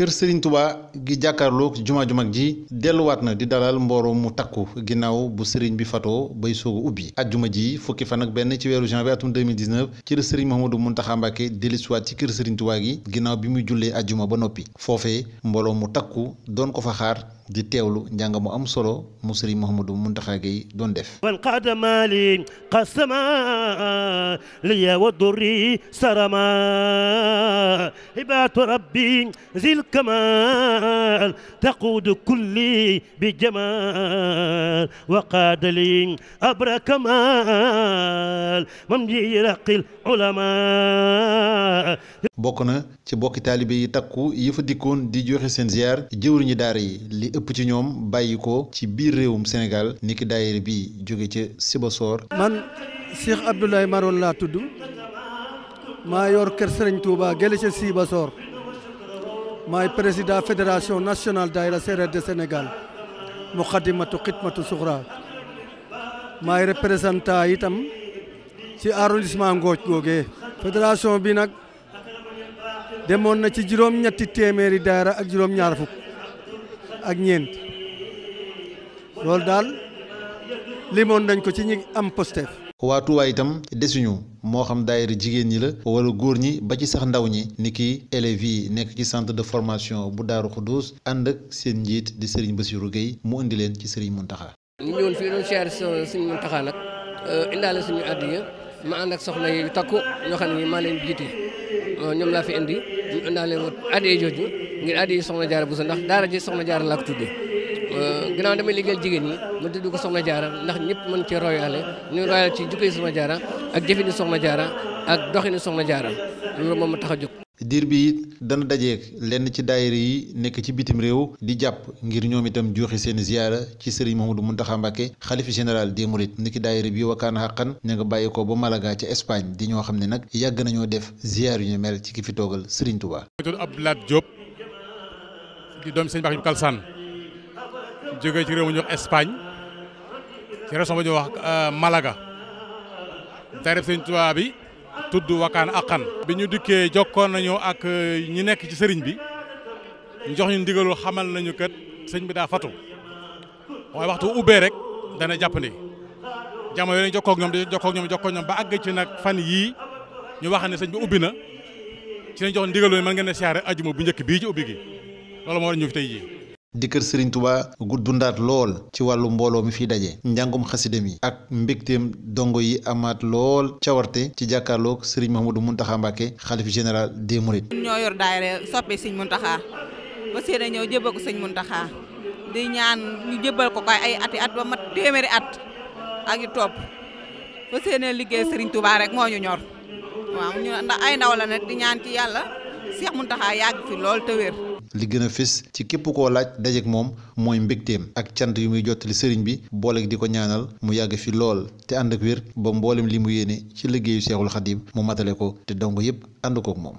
kër Serigne gi jàkkaarloo juma ju ji delluwaat na di dalal mbooloo mu takku ginnaaw bu Serigne bi fatoo bay soogu ubbi ajjuma ji fukki fan ak benn ci weeru janvier atum 2019 ci la Serigne Mouhamadou Mountakha Mbacké dellusiwaat ci kër Serigne gi ginnaaw bi muy jullee ajjuma ba noppi foofee mbooloo mu takku doon ko fa xaar. di teewlu njàng mu am solo mu sëriñ Mouhamadou Mountakha Gueye doon def man qaada maali qasama liya wa durri sarama hibaatu rabbi zil kamal taquudu kulli bi jamal wa qaada li abra kamal mam ji iraqil ulama bokk na ci bokki taalibe yi takku yi fa dikkoon di joxe seen ziar jëwriñu daara yi ëpp ci ñoom bàyyi ko ci biir réewum Sénégal niki daayira bi jóge ca Sibassor. man Cheikh Abdoulaye Maroon laa tudd maa yor kër Serigne Touba gële ca Sibassor maay président fédération national daayira séeréer de Sénégal Muqaddimatu Xidmatu Suxra maay représentant itam ci arrondissement Ngothie googee. fédération bi nag demoon na ci juróom-ñetti téeméeri daayira ak juróom-ñaar fukk. ak ñeent loolu daal limoon nañ ko ci ñi am Pastef waa Touba itam desuñu moo xam daayira jigéen ñi la wala góor ñi ba ci sax ndaw ñi ni ki élèves yi nekk ci centre de formation bu Daaru Xuddus ànd ak seen njiit di Serigne Bassirou Gueye mu indi leen ci sëriñ Mountakha. ñu ñëwoon fii doon siyaare Serigne Mountakha nag euh, indaale suñu àddiya ma ànd ak soxna yi takku ñoo xam ne maa leen jiite euh, ñoom laa fi indi ñu indaale àddiya jooju. ngir addi soxna jaara bu sa ndax daara ji soxna jaara laa ko tudde euh, ginnaaw damay liggéeyal jigéen ñi ma tudd ko soxna jaara ndax ñëpp mën ci royale ñu royale ci jukkoy soxna jaara ak jëfini soxna jaara ak doxini soxna jaara loolu moom ma tax a jóg diir bi it dana dajeek lenn ci daayira yi nekk ci bitim réew di jàpp ngir ñoom itam joxe seen ziyaara ci sëriñ Mamadou Mountakha Mbacké xalifa général des mourides niki daayira bi wakaan xaqan ña nga bàyyi ko ba Malaga ca Espagne di ño xam ne nag yàgg nañoo def ziyaar yu ñu ci ki fi toogal sëriñ Touba. di doom sëñ Mbacke Ibou Kalsane jógee ci réew mu ñuy wax Espagne ci région bu ñuy wax euh, Malaga taarib sëñ Tuubaa bi tudd Wakkaan Akkan bi ñu dikkee jokkoon nañu ak euh, ñu nekk ci sëriñ bi ñu jox ñu ndigalul xamal nañu kat sëñ bi daa fatu waaye waxtu ubbee rek dana jàppandi jamono yooyu jokkoog ñoom di jokkoog ñoom ba àgg ci nag fan yii ñu wax ne sëñ bi ubbi na ci lañ jox ndigalul mën ngeen a ajuma bu njëkk bii ci ubbi gi loolu moo war ñu fi tey jii. di kër Serigne Touba dundaat lool ci wàllu mbooloo mi fiy daje njàngum xasida mi ak mbégteem dongo yi amaat lool cawarte ci jàkkaarloog sëriñ Mouhamadou Mountakha Mbacké xalif général des Mourides. ñoo yor daayira soppe Serigne Mountakha ba seen a ñëw jëbal ko Serigne Mountakha di ñaan ñu jëbal ko kay ati at ba mat téeméeri at ak yu topp ba seen liggéey Serigne Touba rek moo ñu ñor waaw ñu ndax ay ndaw la nag di ñaan ci yàlla. Cheikh Mountakha yàgg fi lool te wér. li gën a fës ci képp koo laaj dajeek moom mooy mbégteem ak cant yu muy jottali sëriñ bi booleeg di ko ñaanal mu yàgg fi lool te ànd ak wér ba mboolem li mu yéene ci liggéeyu Seexul Xadiim mu matale ko te dong yépp ànd kook moom.